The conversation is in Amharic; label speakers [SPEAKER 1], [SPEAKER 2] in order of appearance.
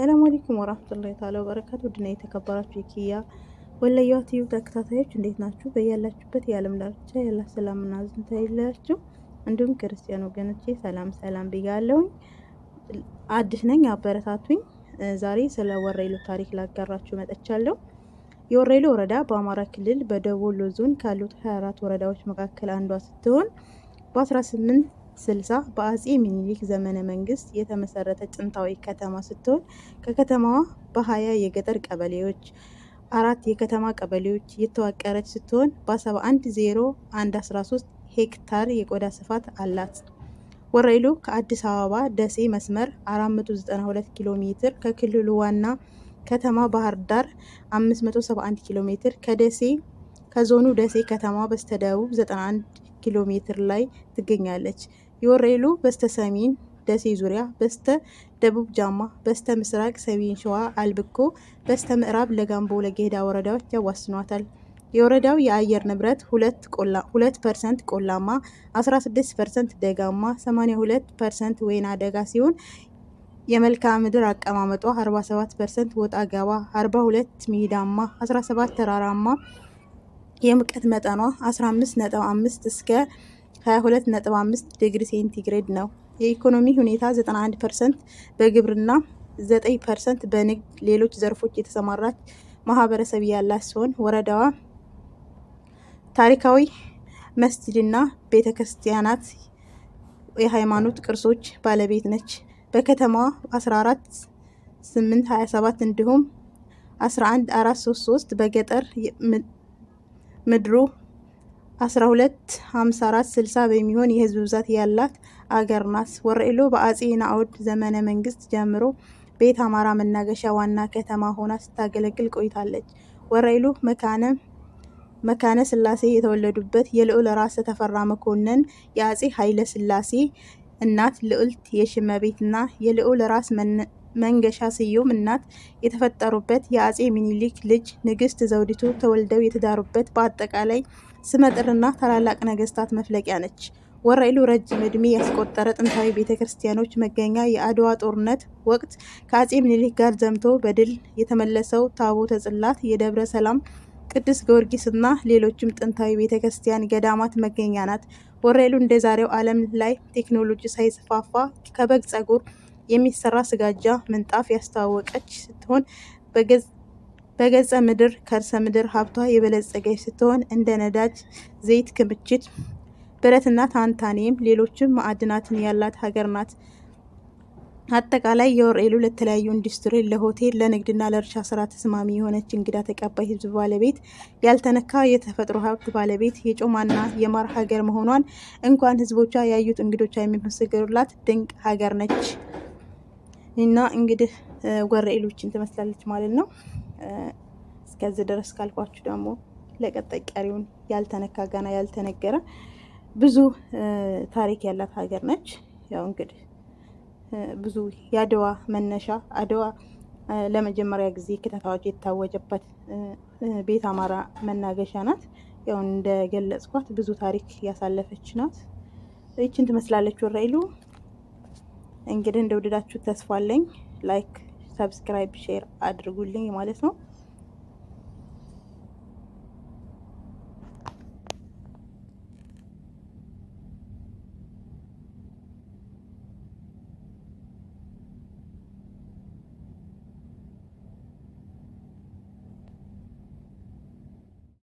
[SPEAKER 1] ሰላም አለይኩም ወራህመቱላሂ ተዓላ ወበረካቱ። ውድና የተከበራችሁ የኪያ ወለየዋ ቲዩብ ተከታታዮች እንዴት ናችሁ? በያላችሁበት የዓለም ዳርቻ ያላ ሰላምና ዝምታ ይለያችሁ። እንዲሁም ክርስቲያን ወገኖቼ ሰላም ሰላም ብያለሁኝ። አዲስ ነኝ፣ አበረታቱኝ። ዛሬ ስለ ወረኢሉ ታሪክ ላጋራችሁ መጥቻለሁ። የወረኢሉ ወረዳ በአማራ ክልል በደቡብ ወሎ ዞን ካሉት 24 ወረዳዎች መካከል አንዷ ስትሆን በ18 60 በአጼ ሚኒሊክ ዘመነ መንግስት የተመሰረተች ጥንታዊ ከተማ ስትሆን ከከተማዋ በ20 የገጠር ቀበሌዎች፣ አራት የከተማ ቀበሌዎች የተዋቀረች ስትሆን በ71013 ሄክታር የቆዳ ስፋት አላት። ወረኢሉ ከአዲስ አበባ ደሴ መስመር 492 ኪሎ ሜትር ከክልሉ ዋና ከተማ ባህር ዳር 571 ኪሎ ሜትር ከደሴ ከዞኑ ደሴ ከተማ በስተደቡብ 91 ኪሎ ሜትር ላይ ትገኛለች። የወረኢሉ በስተ ሰሜን ደሴ ዙሪያ፣ በስተ ደቡብ ጃማ፣ በስተ ምስራቅ ሰሜን ሸዋ አልብኮ፣ በስተ ምዕራብ ለጋምቦ ለጌዳ ወረዳዎች ያዋስኗታል። የወረዳው የአየር ንብረት ሁለት ፐርሰንት ቆላማ፣ 16 ፐርሰንት ደጋማ፣ 82 ፐርሰንት ወይና ደጋ ሲሆን የመልክዓ ምድር አቀማመጧ 47 ፐርሰንት ወጣ ገባ፣ 42 ሜዳማ፣ 17 ተራራማ፣ የሙቀት መጠኗ 15.5 እስከ 22.5 ዲግሪ ሴንቲግሬድ ነው። የኢኮኖሚ ሁኔታ 91 ፐርሰንት በግብርና 9 ፐርሰንት በንግድ ሌሎች ዘርፎች የተሰማራች ማህበረሰብ ያላት ሲሆን ወረዳዋ ታሪካዊ መስጂድና ቤተ ክርስቲያናት የሃይማኖት ቅርሶች ባለቤት ነች። በከተማዋ 14 827 እንዲሁም 11433 በገጠር ምድሩ 1254/60 በሚሆን የህዝብ ብዛት ያላት አገር ናት። ወረኢሉ በአጼ ናኦድ ዘመነ መንግስት ጀምሮ ቤት አማራ መናገሻ ዋና ከተማ ሆና ስታገለግል ቆይታለች። ወረኢሉ መካነ ስላሴ የተወለዱበት የልዑል ራስ ተፈራ መኮንን የአጼ ኃይለ ስላሴ እናት ልዑልት የሽመቤትና የልዑል ራስ መንገሻ ስዩም እናት የተፈጠሩበት የአጼ ሚኒሊክ ልጅ ንግስት ዘውዲቱ ተወልደው የተዳሩበት በአጠቃላይ ስመጥርና ታላላቅ ነገስታት መፍለቂያ ነች። ወራይሉ ረጅም ዕድሜ ያስቆጠረ ጥንታዊ ቤተ ክርስቲያኖች መገኛ የአድዋ ጦርነት ወቅት ከአጼ ምኒልክ ጋር ዘምቶ በድል የተመለሰው ታቦተ ጽላት የደብረ ሰላም ቅዱስ ጊዮርጊስ እና ሌሎችም ጥንታዊ ቤተ ክርስቲያን ገዳማት መገኛ ናት። ወራይሉ እንደ ዛሬው ዓለም ላይ ቴክኖሎጂ ሳይስፋፋ ከበግ ጸጉር የሚሰራ ስጋጃ ምንጣፍ ያስተዋወቀች ስትሆን በገጸ ምድር ከርሰ ምድር ሀብቷ የበለጸገች ስትሆን እንደ ነዳጅ ዘይት ክምችት፣ ብረትና ታንታኔም ሌሎችም ማዕድናትን ያላት ሀገር ናት። አጠቃላይ የወርኤሉ ለተለያዩ ኢንዱስትሪ፣ ለሆቴል፣ ለንግድና ለእርሻ ስራ ተስማሚ የሆነች እንግዳ ተቀባይ ህዝብ ባለቤት፣ ያልተነካ የተፈጥሮ ሀብት ባለቤት፣ የጮማና የማር ሀገር መሆኗን እንኳን ህዝቦቿ ያዩት እንግዶቿ የሚመሰገሩላት ድንቅ ሀገር ነች። እና እንግዲህ ወረኢሎችን ትመስላለች ማለት ነው። እስከዚህ ድረስ ካልኳችሁ ደግሞ ለቀጣይ ቀሪውን ያልተነካ ገና ያልተነገረ ብዙ ታሪክ ያላት ሀገር ነች። ያው እንግዲህ ብዙ የአድዋ መነሻ አድዋ ለመጀመሪያ ጊዜ ክተታዎች የታወጀበት ቤት አማራ መናገሻ ናት። ያው እንደገለጽኳት ብዙ ታሪክ ያሳለፈች ናት። ይችን ትመስላለች ወረኢሉ። እንግዲህ እንደወደዳችሁ ተስፋ አለኝ። ላይክ፣ ሰብስክራይብ፣ ሼር አድርጉልኝ ማለት ነው።